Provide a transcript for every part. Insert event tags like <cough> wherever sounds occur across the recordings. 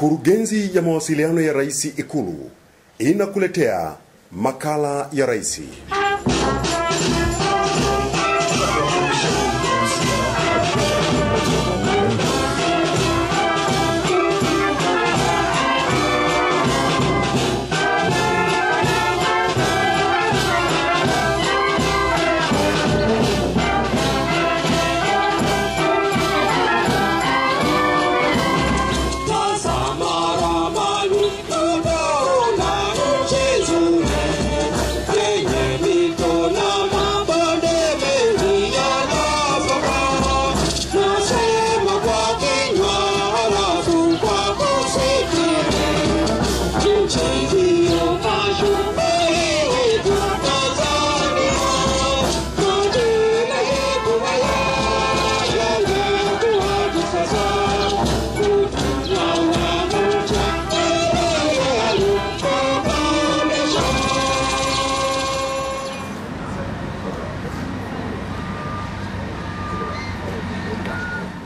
Kurugenzi ya mawasiliano ya Rais Ikulu inakuletea makala ya Rais.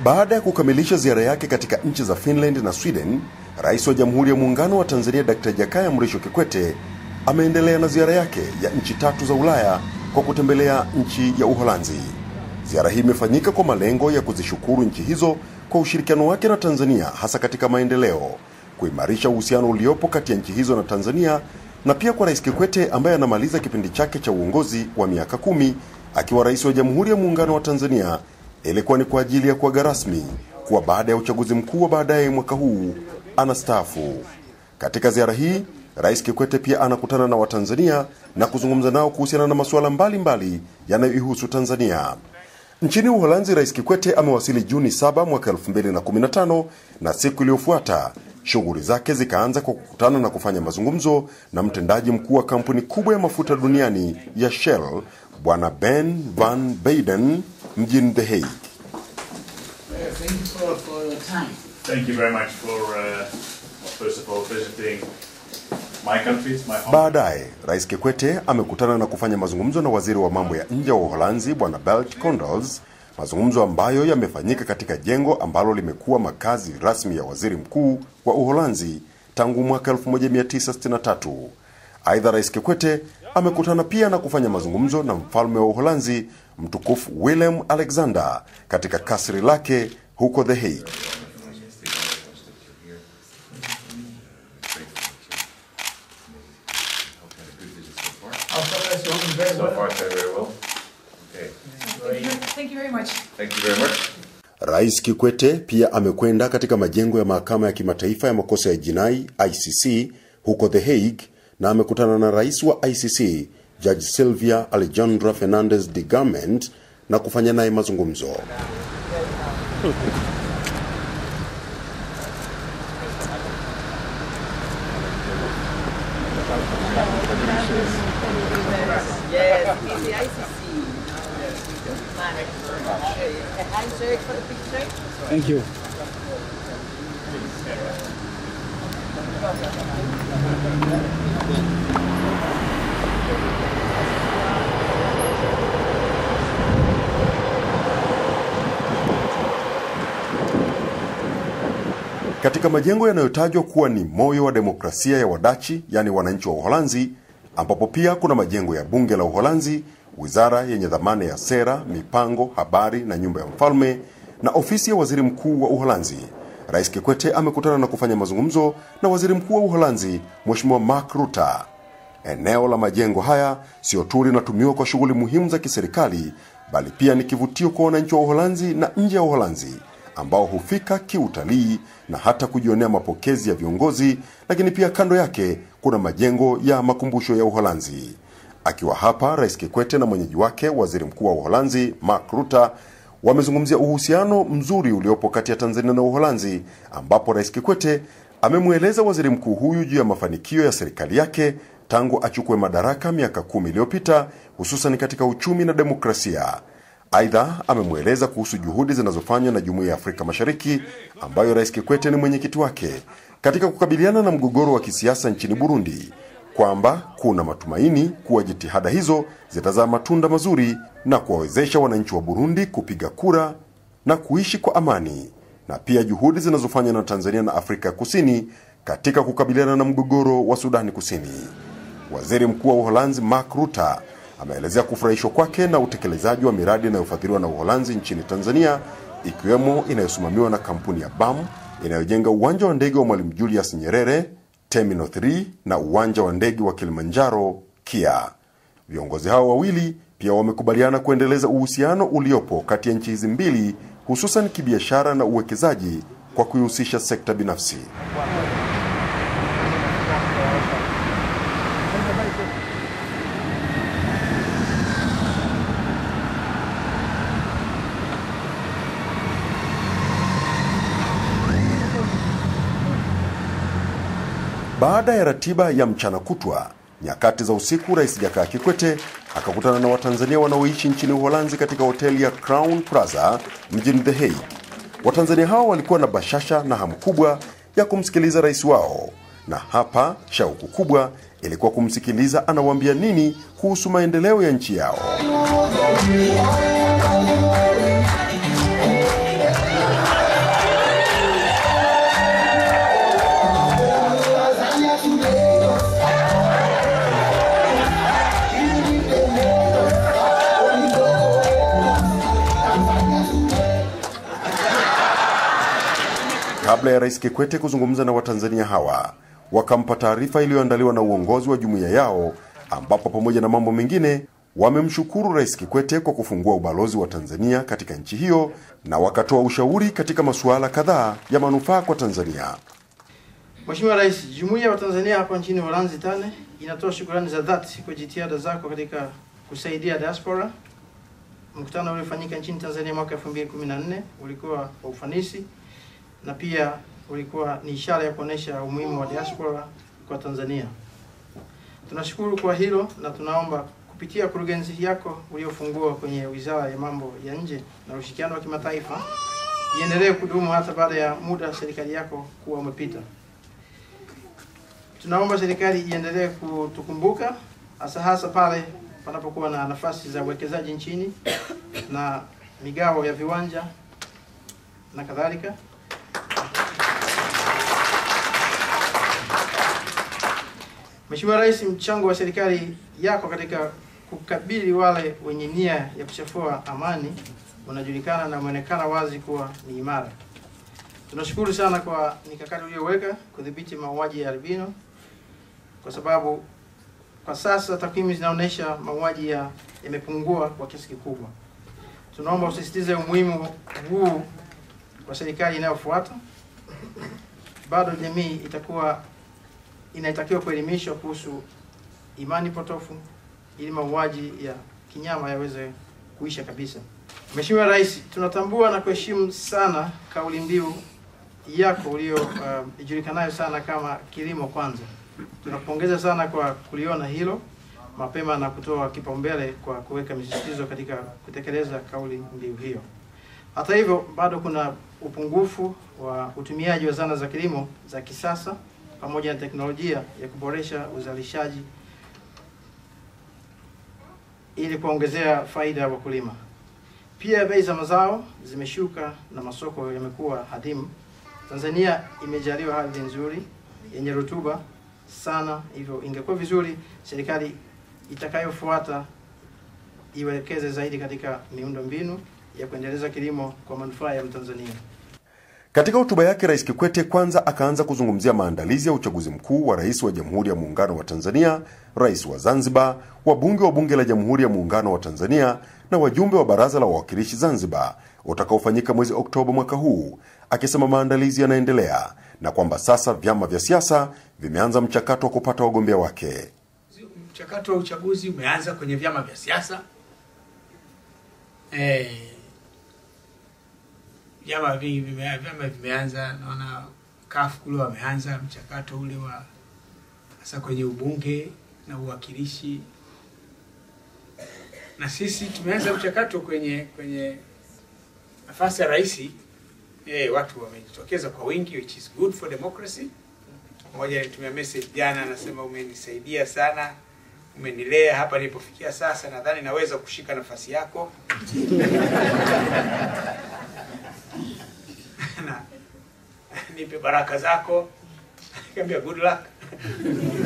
Baada ya kukamilisha ziara yake katika nchi za Finland na Sweden, Rais wa Jamhuri ya Muungano wa Tanzania Dr. Jakaya Mrisho Kikwete ameendelea na ziara yake ya nchi tatu za Ulaya kwa kutembelea nchi ya Uholanzi. Ziara hii imefanyika kwa malengo ya kuzishukuru nchi hizo kwa ushirikiano wake na Tanzania hasa katika maendeleo, kuimarisha uhusiano uliopo kati ya nchi hizo na Tanzania na pia kwa Rais Kikwete ambaye anamaliza kipindi chake cha uongozi wa miaka kumi akiwa rais wa Jamhuri ya Muungano wa Tanzania ilikuwa ni kwa ajili ya kuaga rasmi kuwa baada ya uchaguzi mkuu wa baadaye mwaka huu anastaafu. Katika ziara hii, Rais Kikwete pia anakutana na Watanzania na kuzungumza nao kuhusiana na masuala mbalimbali yanayoihusu Tanzania. Nchini Uholanzi, Rais Kikwete amewasili Juni 7 mwaka 2015 na siku iliyofuata shughuli zake zikaanza kwa kukutana na kufanya mazungumzo na mtendaji mkuu wa kampuni kubwa ya mafuta duniani ya Shell, Bwana Ben Van Beiden mjini The Hague. Uh, Baadaye Rais Kikwete amekutana na kufanya mazungumzo na waziri wa mambo ya nje wa Uholanzi Bwana belt condals mazungumzo ambayo yamefanyika katika jengo ambalo limekuwa makazi rasmi ya waziri mkuu wa Uholanzi tangu mwaka 1963. Aidha, Rais Kikwete amekutana pia na kufanya mazungumzo na mfalme wa Uholanzi mtukufu william Alexander katika kasri lake huko The Hague. Rais Kikwete pia amekwenda katika majengo ya mahakama ya kimataifa ya makosa ya jinai ICC huko The Hague na amekutana na rais wa ICC Judge Silvia Alejandra Fernandez de Garment na kufanya naye mazungumzo. Thank you. Thank you. katika majengo yanayotajwa kuwa ni moyo wa demokrasia ya Wadachi, yaani wananchi wa Uholanzi, ambapo pia kuna majengo ya bunge la Uholanzi, wizara yenye dhamana ya sera, mipango, habari na nyumba ya mfalme na ofisi ya waziri mkuu wa Uholanzi. Rais Kikwete amekutana na kufanya mazungumzo na waziri mkuu wa Uholanzi, mweshimiwa Mark rute Eneo la majengo haya sio tu linatumiwa kwa shughuli muhimu za kiserikali, bali pia ni kivutio kwa wananchi wa Uholanzi na nje ya Uholanzi ambao hufika kiutalii na hata kujionea mapokezi ya viongozi, lakini pia kando yake kuna majengo ya makumbusho ya Uholanzi. Akiwa hapa, Rais Kikwete na mwenyeji wake Waziri Mkuu wa Uholanzi Mark rute wamezungumzia uhusiano mzuri uliopo kati ya Tanzania na Uholanzi, ambapo Rais Kikwete amemweleza waziri mkuu huyu juu ya mafanikio ya serikali yake tangu achukue madaraka miaka kumi iliyopita, hususan katika uchumi na demokrasia. Aidha, amemweleza kuhusu juhudi zinazofanywa na Jumuiya ya Afrika Mashariki ambayo Rais Kikwete ni mwenyekiti wake katika kukabiliana na mgogoro wa kisiasa nchini Burundi, kwamba kuna matumaini kuwa jitihada hizo zitazaa matunda mazuri na kuwawezesha wananchi wa Burundi kupiga kura na kuishi kwa amani, na pia juhudi zinazofanywa na Tanzania na Afrika ya Kusini katika kukabiliana na mgogoro wa Sudani Kusini. Waziri Mkuu wa Uholanzi Mark Rutte ameelezea kufurahishwa kwake na utekelezaji wa miradi inayofadhiliwa na Uholanzi nchini Tanzania, ikiwemo inayosimamiwa na kampuni ya BAM inayojenga uwanja wa ndege wa Mwalimu Julius Nyerere Terminal 3 na uwanja wa ndege wa Kilimanjaro KIA. Viongozi hao wawili pia wamekubaliana kuendeleza uhusiano uliopo kati ya nchi hizi mbili, hususan kibiashara na uwekezaji kwa kuihusisha sekta binafsi. Baada ya ratiba ya mchana kutwa, nyakati za usiku, Rais Jakaya Kikwete akakutana na Watanzania wanaoishi nchini Uholanzi katika hoteli ya Crown Plaza mjini The Hague. Watanzania hao walikuwa na bashasha na hamu kubwa ya kumsikiliza rais wao, na hapa shauku kubwa ilikuwa kumsikiliza anawaambia nini kuhusu maendeleo ya nchi yao. kabla ya Rais Kikwete kuzungumza na Watanzania hawa wakampa taarifa iliyoandaliwa na uongozi wa jumuiya yao, ambapo pamoja na mambo mengine wamemshukuru Rais Kikwete kwa kufungua ubalozi wa Tanzania katika nchi hiyo na wakatoa ushauri katika masuala kadhaa ya manufaa kwa Tanzania. mweshimiwa Rais, jumuiya wa Tanzania hapa nchini Holanzi tane inatoa shukurani za dhati kwa jitihada zako katika kusaidia diaspora. Mkutano uliofanyika nchini Tanzania mwaka 2014 ulikuwa wa ufanisi na pia ulikuwa ni ishara ya kuonesha umuhimu wa diaspora kwa Tanzania. Tunashukuru kwa hilo na tunaomba kupitia kurugenzi yako uliofungua kwenye Wizara ya Mambo ya Nje na Ushirikiano wa Kimataifa iendelee kudumu hata baada ya muda serikali yako kuwa umepita. Tunaomba serikali iendelee kutukumbuka hasa hasa pale panapokuwa na nafasi za uwekezaji nchini na migao ya viwanja na kadhalika. Mheshimiwa Rais, mchango wa serikali yako katika kukabili wale wenye nia ya kuchafua amani unajulikana na umeonekana wazi kuwa ni imara. Tunashukuru sana kwa mikakati uliyoweka kudhibiti mauaji ya albino, kwa sababu kwa sasa takwimu zinaonyesha mauaji ya yamepungua kwa kiasi kikubwa. Tunaomba usisitize umuhimu huu kwa serikali inayofuata. Bado jamii itakuwa inatakiwa kuelimishwa kuhusu imani potofu ili mauaji ya kinyama yaweze kuisha kabisa. Mheshimiwa Rais, tunatambua na kuheshimu sana kauli mbiu yako ulio uh, sana kama kilimo kwanza. Tunakupongeza sana kwa kuliona hilo mapema na kutoa kipaumbele kwa kuweka misisitizo katika kutekeleza kauli mbiu hiyo. Hata hivyo, bado kuna upungufu wa utumiaji wa zana za kilimo za kisasa pamoja na teknolojia ya kuboresha uzalishaji ili kuongezea faida ya wakulima. Pia bei za mazao zimeshuka na masoko yamekuwa hadimu. Tanzania imejaliwa ardhi nzuri yenye rutuba sana, hivyo ingekuwa vizuri serikali itakayofuata iwekeze zaidi katika miundo mbinu ya kuendeleza kilimo kwa manufaa ya Mtanzania. Katika hotuba yake Rais Kikwete kwanza akaanza kuzungumzia maandalizi ya uchaguzi mkuu wa rais wa Jamhuri ya Muungano wa Tanzania, rais wa Zanzibar, wabunge wa Bunge la Jamhuri ya Muungano wa Tanzania na wajumbe wa Baraza la Wawakilishi Zanzibar utakaofanyika mwezi Oktoba mwaka huu, akisema maandalizi yanaendelea na kwamba sasa vyama vya siasa vimeanza mchakato wa kupata wagombea wake. Mchakato wa uchaguzi umeanza kwenye vyama vya siasa eh vyama vingi vime, vyama vimeanza naona kafu kule wameanza mchakato ule wa hasa kwenye ubunge na uwakilishi na sisi tumeanza mchakato kwenye kwenye nafasi ya rais eh, watu wamejitokeza kwa wingi which is good for democracy. Mmoja alitumia message jana, anasema umenisaidia sana, umenilea hapa nilipofikia sasa, nadhani naweza kushika nafasi yako <laughs> nipe baraka zako. <laughs> Nikamwambia good luck.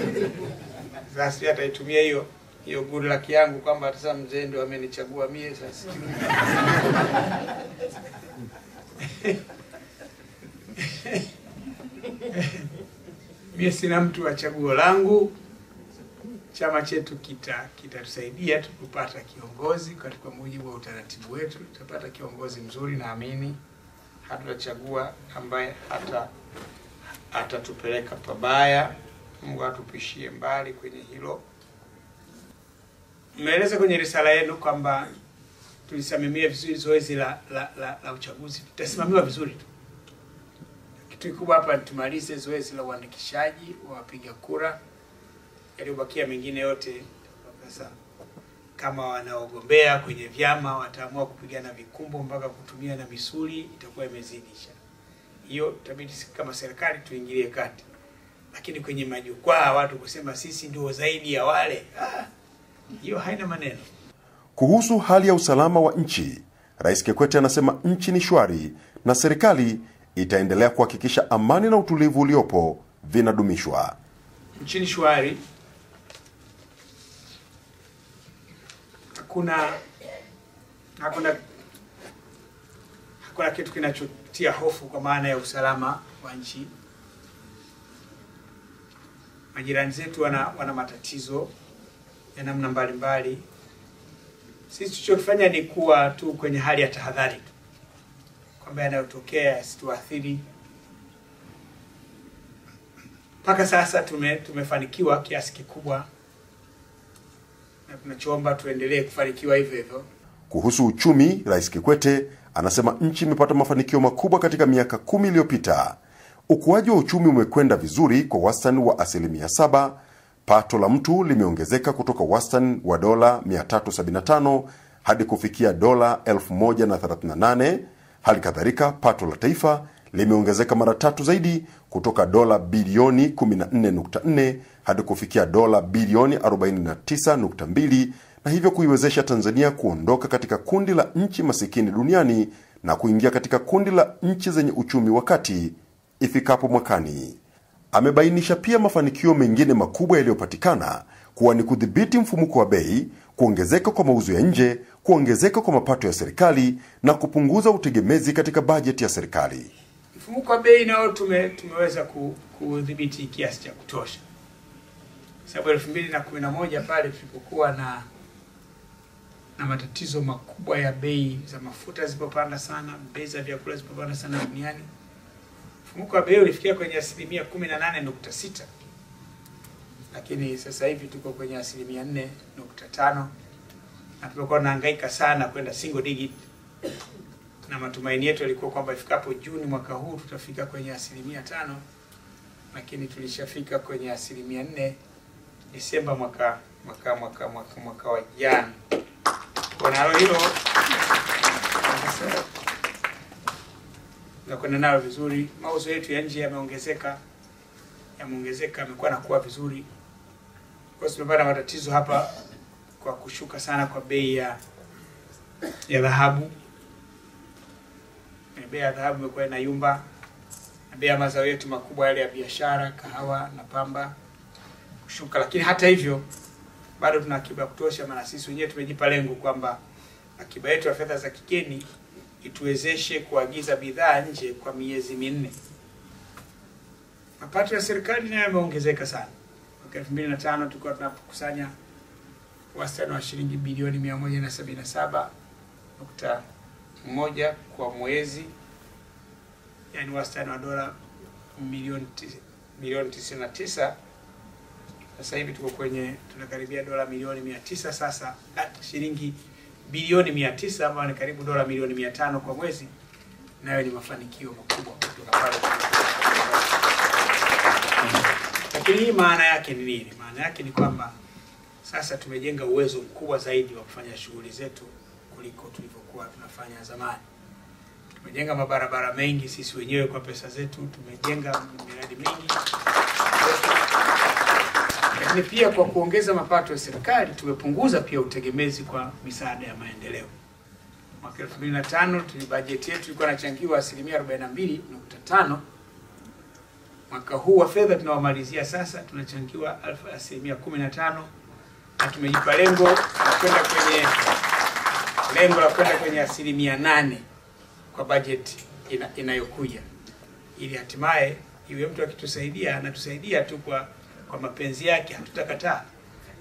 <laughs> Sasa ataitumia hiyo hiyo good luck yangu kwamba sasa mzee ndio amenichagua mie sasa. <laughs> mie sina mtu wa chaguo langu. Chama chetu kitatusaidia kita, kitatusaidia tukupata kiongozi katika mujibu wa utaratibu wetu, tutapata kiongozi mzuri naamini hatutachagua ambaye hata atatupeleka pabaya. Mungu atupishie mbali kwenye hilo. Mmeeleza kwenye risala yenu kwamba tulisimamia vizuri zoezi la, la, la, la uchaguzi, tutasimamiwa vizuri tu. Kitu kikubwa hapa tumalize zoezi la uandikishaji wa wapiga kura, yaliyobakia mengine yote sasa kama wanaogombea kwenye vyama wataamua kupigana vikumbo mpaka kutumia na misuli, itakuwa imezidisha hiyo. Itabidi kama serikali tuingilie kati, lakini kwenye majukwaa watu kusema sisi ndio zaidi ya wale, ah, hiyo haina maneno. Kuhusu hali ya usalama wa nchi, Rais Kikwete anasema nchi ni shwari na serikali itaendelea kuhakikisha amani na utulivu uliopo vinadumishwa. Nchi ni shwari, hakuna hakuna hakuna kitu kinachotia hofu kwa maana ya usalama wa nchi. Majirani zetu wana, wana matatizo ya namna mbalimbali. Sisi tulichofanya ni kuwa tu kwenye hali ya tahadhari tu kwamba yanayotokea yasituathiri. Mpaka sasa tume, tumefanikiwa kiasi kikubwa na tunachoomba tuendelee kufanikiwa hivyo hivyo. Kuhusu uchumi, Rais Kikwete anasema nchi imepata mafanikio makubwa katika miaka kumi iliyopita. Ukuaji wa uchumi umekwenda vizuri kwa wastani wa asilimia saba. Pato la mtu limeongezeka kutoka wastani wa dola 375 hadi kufikia dola 1038. Hali kadhalika pato la taifa limeongezeka mara tatu zaidi kutoka dola bilioni 14.4 hadi kufikia dola bilioni 49.2 na hivyo kuiwezesha Tanzania kuondoka katika kundi la nchi masikini duniani na kuingia katika kundi la nchi zenye uchumi wa kati ifikapo mwakani. Amebainisha pia mafanikio mengine makubwa yaliyopatikana kuwa ni kudhibiti mfumuko wa bei, kuongezeka kwa mauzo ya nje, kuongezeka kwa mapato ya serikali na kupunguza utegemezi katika bajeti ya serikali. Mfumuko wa bei nao tume, tumeweza kudhibiti kiasi cha kutosha sababu elfu mbili na kumi na moja pale tulipokuwa na na matatizo makubwa ya bei za mafuta zilipopanda sana, bei za vyakula zilipopanda sana duniani, mfumuko wa bei ulifikia kwenye asilimia kumi na nane nukta sita lakini sasa hivi tuko kwenye asilimia nne nukta tano na tumekuwa tunahangaika sana kwenda single digit, na matumaini yetu yalikuwa kwamba ifikapo Juni mwaka huu tutafika kwenye asilimia tano, lakini tulishafika kwenye asilimia nne Desemba mwaka mwaka mwaka mwaka mwaka wa jana. Nalo hilo nakwenda nalo vizuri. Mauzo yetu ya nje yameongezeka, yameongezeka, amekuwa nakuwa vizuri. Kwa sababu tumepata matatizo hapa kwa kushuka sana kwa bei ya ya dhahabu. Bei ya dhahabu imekuwa inayumba, na bei ya mazao yetu makubwa yale ya biashara, kahawa na pamba kushuka, lakini hata hivyo bado tuna akiba ya kutosha, maana sisi wenyewe tumejipa lengo kwamba akiba yetu ya fedha za kigeni ituwezeshe kuagiza bidhaa nje kwa miezi minne. Mapato ya serikali nayo yameongezeka sana. Mwaka 2005 tulikuwa tunakusanya wastani wa shilingi bilioni 177.1 kwa mwezi, yani wastani wa dola milioni milioni 99 sasa hivi tuko kwenye tunakaribia dola milioni mia tisa sasa, shilingi bilioni mia tisa ama ni karibu dola milioni mia tano kwa mwezi, nayo ni mafanikio makubwa kutoka pale. Lakini hii maana yake ni nini? Maana yake ni kwamba sasa tumejenga uwezo mkubwa zaidi wa kufanya shughuli zetu kuliko tulivyokuwa tunafanya zamani. Tumejenga mabarabara mengi sisi wenyewe kwa pesa zetu, tumejenga miradi mingi lakini pia kwa kuongeza mapato ya serikali tumepunguza pia utegemezi kwa misaada ya maendeleo. Mwaka 2005 tuli bajeti yetu ilikuwa inachangiwa asilimia 42.5. Mwaka huu wa fedha tunaomalizia sasa tunachangiwa asilimia 15 na tumejipa lengo la kwenda kwenye lengo la kwenda kwenye asilimia nane kwa bajeti ina, inayokuja ili hatimaye iwe mtu akitusaidia anatusaidia tu kwa kwa mapenzi yake, hatutakataa,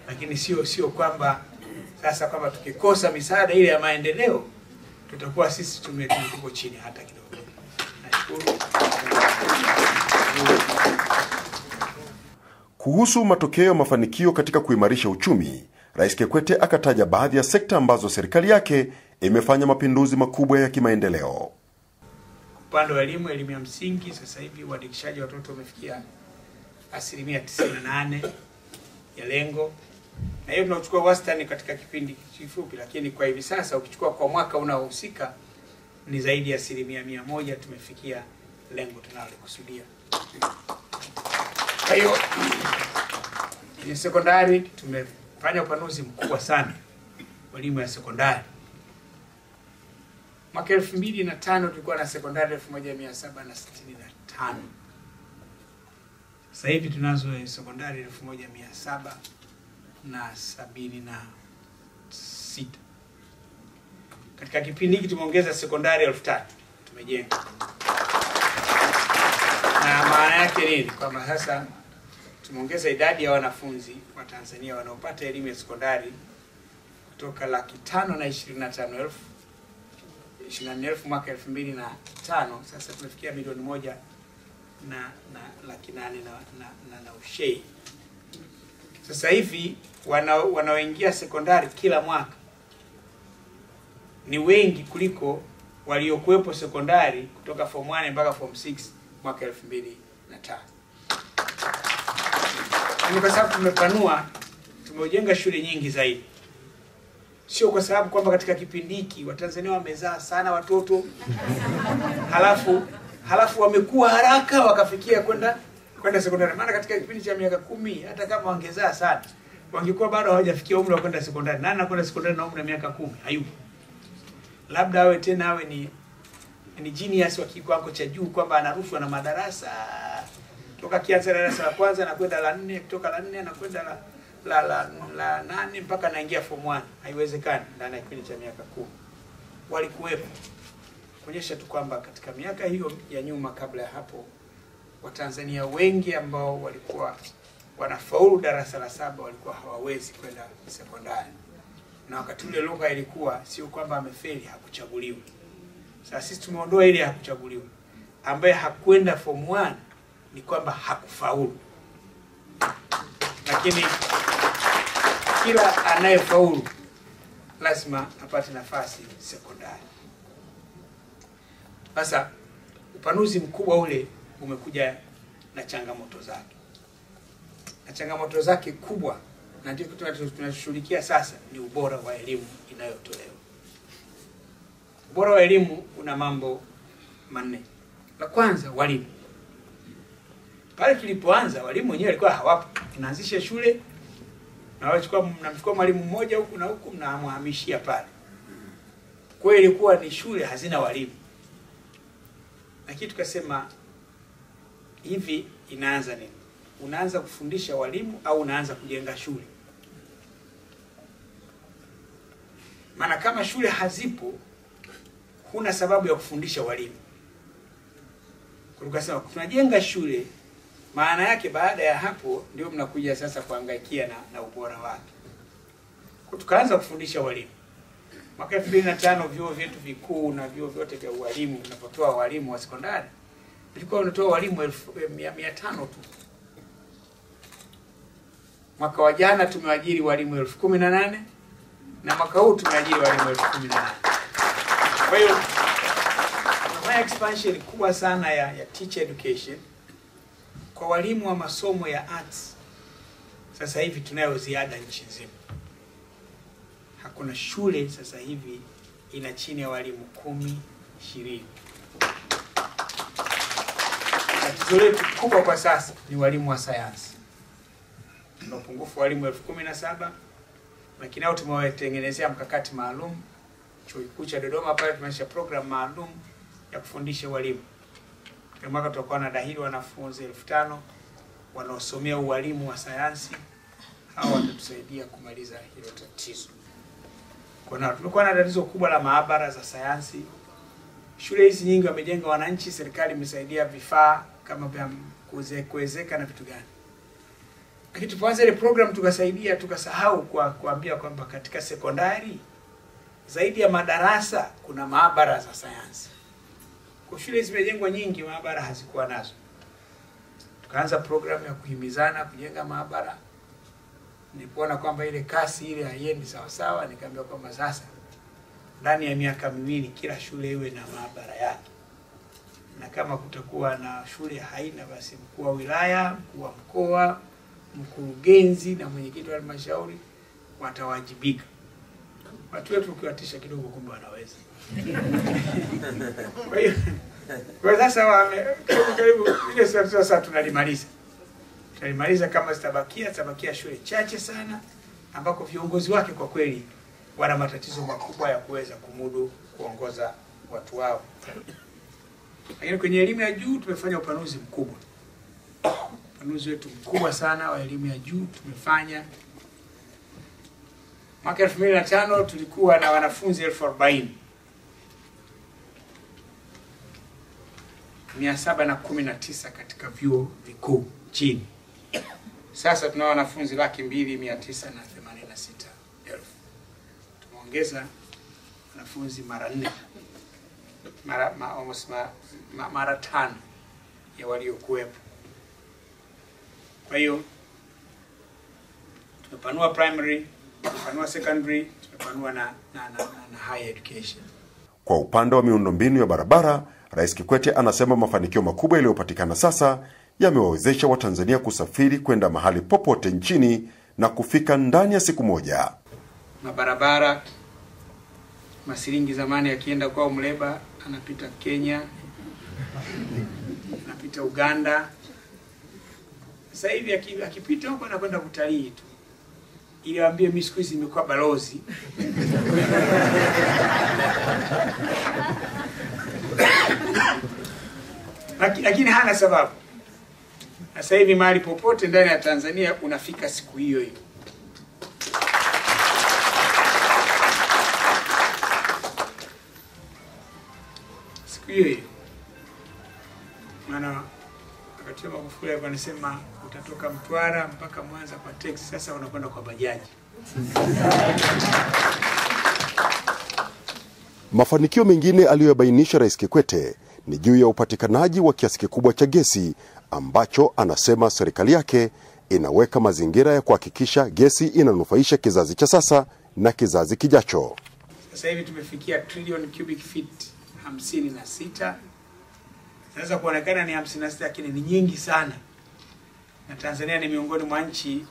lakini sio sio kwamba sasa kwamba tukikosa misaada ile ya maendeleo tutakuwa sisi tumetuko chini hata kidogo. Nashukuru. Kuhusu matokeo ya mafanikio katika kuimarisha uchumi, Rais Kikwete akataja baadhi ya sekta ambazo serikali yake imefanya mapinduzi makubwa ya kimaendeleo. Upande wa elimu, elimu ya msingi, sasa hivi uandikishaji watoto umefikia asilimia 98 ya lengo, na hiyo tunachukua wastani katika kipindi kifupi, lakini kwa hivi sasa ukichukua kwa mwaka unaohusika ni zaidi ya asilimia mia moja tumefikia lengo tunalokusudia. Kwa hiyo kwenye sekondari tumefanya upanuzi mkubwa sana wa elimu ya sekondari. Mwaka elfu mbili na tano tulikuwa na sekondari elfu moja mia saba na sitini na tano. Sasa hivi tunazo sekondari elfu moja mia saba na sabini na sita. Katika kipindi hiki tumeongeza sekondari elfu tatu tumejenga, na maana yake nini? Kwamba sasa tumeongeza idadi ya wanafunzi wa Tanzania wanaopata elimu ya sekondari kutoka laki tano na ishirini na tano elfu ishirini na nne elfu mwaka elfu mbili na tano sasa tumefikia milioni moja na, na laki nane na, na, na, na ushei. Sasa hivi wanaoingia sekondari kila mwaka ni wengi kuliko waliokuwepo sekondari kutoka form 1 mpaka form 6 mwaka 2005. Ni kwa sababu tumepanua, tumejenga shule nyingi zaidi, sio kwa sababu kwamba katika kipindi hiki Watanzania wamezaa sana watoto halafu halafu wamekuwa haraka wakafikia kwenda kwenda sekondari. Maana katika kipindi cha miaka kumi hata kama wangezaa sana wangekuwa bado hawajafikia umri wa kwenda sekondari. Nani anakwenda sekondari na umri wa miaka kumi? Hayupo. Labda awe tena awe ni ni genius wa kiwango cha juu kwamba anarushwa na madarasa toka kianza darasa la kwanza na kwenda la nne, kutoka la nne na kwenda la la, la, la nane mpaka naingia form 1. Haiwezekani ndani ya kipindi cha miaka kumi. Walikuwepo kuonyesha tu kwamba katika miaka hiyo ya nyuma, kabla ya hapo, Watanzania wengi ambao walikuwa wanafaulu darasa la saba walikuwa hawawezi kwenda sekondari, na wakati ule lugha ilikuwa sio kwamba amefeli, hakuchaguliwa. Sasa sisi tumeondoa ile hakuchaguliwa, ambaye hakwenda form 1 ni kwamba hakufaulu, lakini kila anayefaulu lazima apate nafasi sekondari. Sasa upanuzi mkubwa ule umekuja na changamoto zake, na changamoto zake kubwa, na ndio tunashughulikia sasa, ni ubora wa elimu inayotolewa. Ubora wa elimu una mambo manne. La kwanza, walimu. Pale tulipoanza walimu wenyewe walikuwa hawapo, tunaanzisha shule nawachukua mnamchukua mwalimu mmoja huku na huku mnamhamishia pale. Kwa hiyo ilikuwa ni shule hazina walimu lakini tukasema hivi, inaanza nini? Unaanza kufundisha walimu au unaanza kujenga shule? Maana kama shule hazipo, huna sababu ya kufundisha walimu. Tukasema tunajenga shule, maana yake baada ya hapo ndio mnakuja sasa kuangaikia na, na ubora wake. Tukaanza kufundisha walimu Mwaka elfu mbili na tano vyuo vyetu vikuu na vyuo vyote vya ualimu vinavyotoa walimu wa sekondari vilikuwa vinatoa walimu elfu eh, mia, mia tano tu. Mwaka wa jana tumeajiri walimu elfu kumi na nane na mwaka huu tumeajiri walimu elfu kumi na nane Kwa hiyo tunafanya expansion kubwa sana ya, ya teacher education kwa walimu wa masomo ya arts. Sasa hivi tunayo ziada nchi nzima hakuna shule sasa hivi ina chini ya walimu kumi ishirini. Tatizo letu kubwa kwa sasa ni walimu wa sayansi. na upungufu wa walimu elfu kumi na saba lakini hao tumewatengenezea mkakati maalum. Chuo Kikuu cha Dodoma pale tumeanzisha programu maalum ya kufundisha walimu. Kwa mwaka tutakuwa na dahili wanafunzi elfu tano wanaosomea ualimu wa sayansi. Hawa watatusaidia kumaliza hilo tatizo. Kuna tumekuwa na tatizo kubwa la maabara za sayansi. Shule hizi nyingi wamejenga wananchi, serikali imesaidia vifaa kama vya kuwezeka na vitu gani, lakini tupoanza ile program tukasaidia, tukasahau kwa kuambia kwamba katika sekondari zaidi ya madarasa kuna maabara za sayansi. Kwa shule zimejengwa nyingi, maabara hazikuwa nazo. Tukaanza program ya kuhimizana kujenga maabara nilipoona kwamba ile kasi ile haiendi sawasawa, nikaambiwa kwamba sasa ndani ya miaka miwili kila shule iwe na maabara yake, na kama kutakuwa na shule haina, basi mkuu wa wilaya, mkuu wa mkoa, mkurugenzi na mwenyekiti wa halmashauri watawajibika. Watu wetu ukiwatisha kidogo, kumbe wanaweza. <laughs> Kwa hiyo sasa wame karibu ile sasa tunalimaliza tutalimaliza kama zitabakia, zitabakia shule chache sana, ambako viongozi wake kwa kweli wana matatizo makubwa ya kuweza kumudu kuongoza watu wao. Lakini kwenye elimu ya juu tumefanya upanuzi mkubwa, upanuzi wetu mkubwa sana wa elimu ya juu tumefanya. Mwaka elfu mbili na tano tulikuwa na wanafunzi elfu arobaini mia saba na kumi na tisa katika vyuo vikuu nchini. Sasa tuna wanafunzi laki mbili mia tisa na themanini na sita elfu. Tumeongeza wanafunzi mara nne mara, ma, almost ma, ma, mara tano ya waliokuwepo. Kwa hiyo tumepanua primary, tumepanua secondary, tumepanua na, na, na, na, na higher education. Kwa upande wa miundombinu ya barabara, Rais Kikwete anasema mafanikio makubwa yaliyopatikana sasa yamewawezesha Watanzania kusafiri kwenda mahali popote nchini na kufika ndani ya siku moja. Mabarabara masiringi zamani akienda kwao Mleba anapita Kenya, anapita Uganda. Sasa hivi akipita huko anakwenda kutalii tu, ili waambie mimi siku hizi nimekuwa balozi lakini hana sababu. Sasa hivi mahali popote ndani ya Tanzania unafika siku hiyo hiyo. Siku hiyo hiyo. Maana wakati Magufuli alikuwa anasema utatoka Mtwara mpaka Mwanza kwa teksi, sasa unakwenda kwa bajaji. Mafanikio mengine aliyoyabainisha Rais Kikwete ni juu ya upatikanaji wa kiasi kikubwa cha gesi ambacho anasema serikali yake inaweka mazingira ya kuhakikisha gesi inanufaisha kizazi cha sasa na kizazi kijacho. Sasa hivi tumefikia trilioni cubic feet hamsini na sita. kuonekana ni hamsini na sita, lakini ni nyingi sana, na Tanzania ni miongoni mwa nchi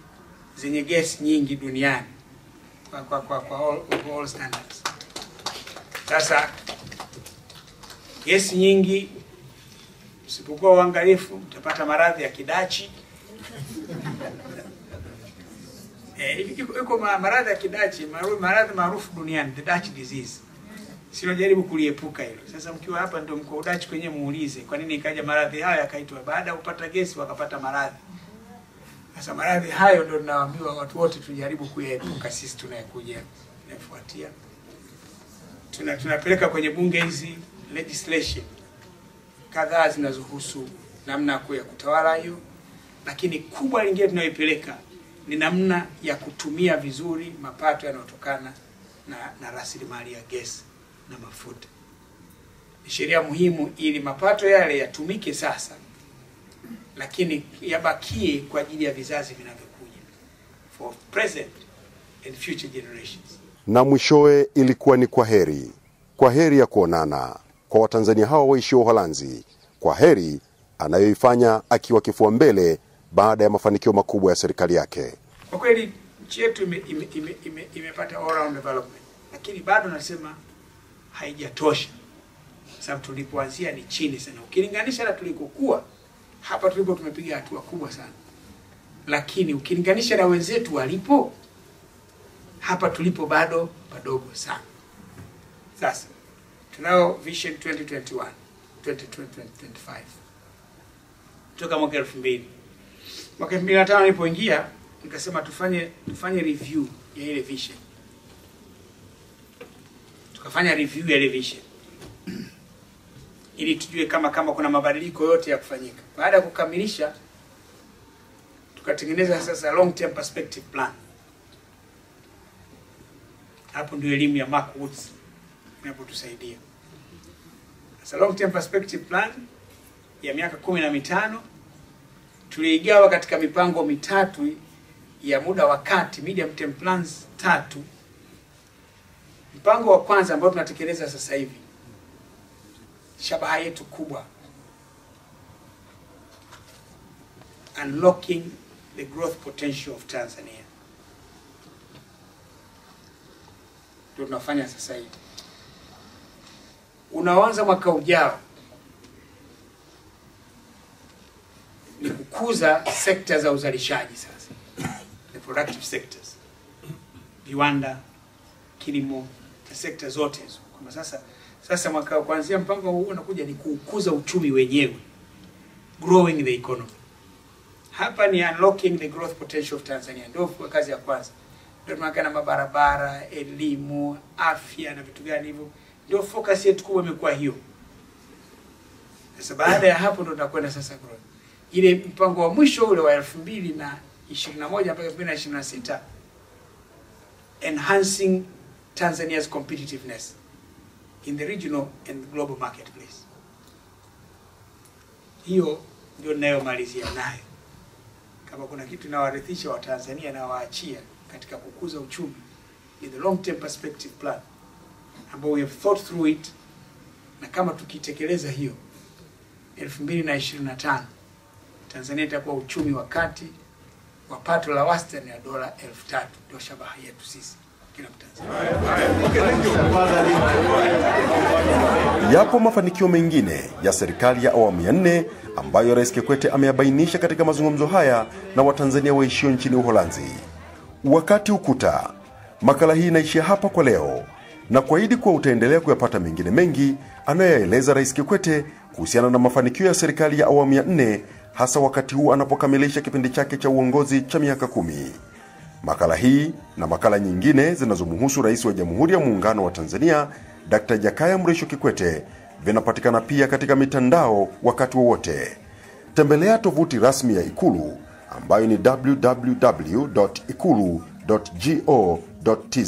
zenye gesi nyingi duniani kwa, kwa, kwa, kwa all, all standards. Sasa Gesi nyingi, msipokuwa uangalifu mtapata maradhi ya kidachi <laughs> eh, iko e, maradhi ya kidachi, maradhi maarufu duniani, the Dutch disease. Sio jaribu kuliepuka hilo. Sasa mkiwa hapa ndio mko Udachi kwenye muulize kwa nini ikaja maradhi hayo yakaitwa, baada ya kupata gesi wakapata maradhi. Sasa maradhi hayo ndio ninawaambia watu wote tujaribu kuyaepuka, sisi tunayekuja tunafuatia, tuna tunapeleka kwenye bunge hizi legislation kadhaa zinazohusu namna ya kutawala hiyo, lakini kubwa lingine tunayoipeleka ni namna ya kutumia vizuri mapato yanayotokana na, na rasilimali ya gesi na mafuta. Ni sheria muhimu ili mapato yale yatumike sasa, lakini yabakie kwa ajili ya vizazi vinavyokuja, for present and future generations. Na mwishowe ilikuwa ni kwa heri, kwa heri ya kuonana kwa Watanzania hao waishio Uholanzi kwa heri anayoifanya akiwa kifua mbele baada ya mafanikio makubwa ya serikali yake. Kwa kweli nchi yetu imepata ime, ime, ime, ime development, lakini bado nasema haijatosha, sababu tulipoanzia ni chini sana ukilinganisha na tulikokuwa. Hapa tulipo tumepiga hatua kubwa sana, lakini ukilinganisha na wenzetu walipo, hapa tulipo bado padogo sana. Sasa tunao vision 2021 2025 toka mwaka mbili mwaka 2005 nilipoingia nikasema tufanye tufanye review ya ile vision tukafanya review ya ile vision ili tujue kama kama kuna mabadiliko yote ya kufanyika baada ya kukamilisha tukatengeneza sasa long term perspective plan hapo ndio elimu ya Mark Woods inapotusaidia sasa long term perspective plan ya miaka kumi na mitano tuliigawa katika mipango mitatu ya muda wa kati, medium term plans tatu. Mpango wa kwanza ambao tunatekeleza sasa hivi, shabaha yetu kubwa, unlocking the growth potential of Tanzania, ndio tunafanya sasa hivi unaoanza mwaka ujao ni kukuza sekta za uzalishaji sasa, the productive sectors, viwanda, kilimo na sekta zote hizo, Kama sasa sasa mwaka kuanzia mpango huu unakuja ni kukuza uchumi wenyewe, growing the economy. Hapa ni unlocking the growth potential of Tanzania, ndio kazi ya kwanza. Ndio maana na mabarabara, elimu, afya na vitu gani hivyo ndio focus yetu kubwa imekuwa hiyo. Sasa baada ya hapo ndo tunakwenda sasa kwa Ile mpango wa mwisho ule wa elfu mbili na mpaka 2026 sita enhancing Tanzania's competitiveness in the regional and global marketplace. Hiyo ndio ninayomalizia nayo. Kama kuna kitu inawarithisha Watanzania na waachia katika kukuza uchumi in the long term perspective plan ambao we have thought through it, na kama tukitekeleza hiyo 2025 Tanzania itakuwa uchumi wa kati wa pato la wastani ya dola elfu Ndio shabaha yetu sisi kila Mtanzania. Yapo mafanikio mengine ya serikali ya awamu ya nne ambayo Rais Kikwete ameyabainisha katika mazungumzo haya na Watanzania waishio nchini Uholanzi. Wakati ukuta, makala hii inaishia hapa kwa leo na kuahidi kuwa utaendelea kuyapata mengine mengi anayoyaeleza Rais Kikwete kuhusiana na mafanikio ya serikali ya awamu ya nne, hasa wakati huu anapokamilisha kipindi chake cha uongozi cha miaka kumi. Makala hii na makala nyingine zinazomuhusu Rais wa Jamhuri ya Muungano wa Tanzania Dr. Jakaya Mrisho Kikwete vinapatikana pia katika mitandao wakati wowote. Tembelea tovuti rasmi ya Ikulu ambayo ni www ikulu gotz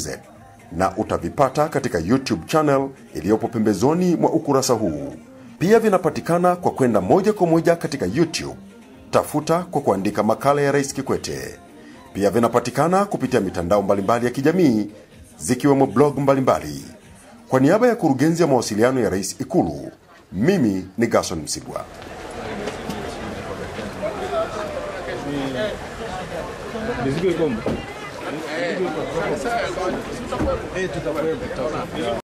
na utavipata katika YouTube channel iliyopo pembezoni mwa ukurasa huu. Pia vinapatikana kwa kwenda moja kwa moja katika YouTube, tafuta kwa kuandika makala ya Rais Kikwete. Pia vinapatikana kupitia mitandao mbalimbali ya kijamii zikiwemo blog mbalimbali. Kwa niaba ya kurugenzi ya mawasiliano ya Rais Ikulu, mimi ni Gason Msigwa. Hey, tu tá perfeito.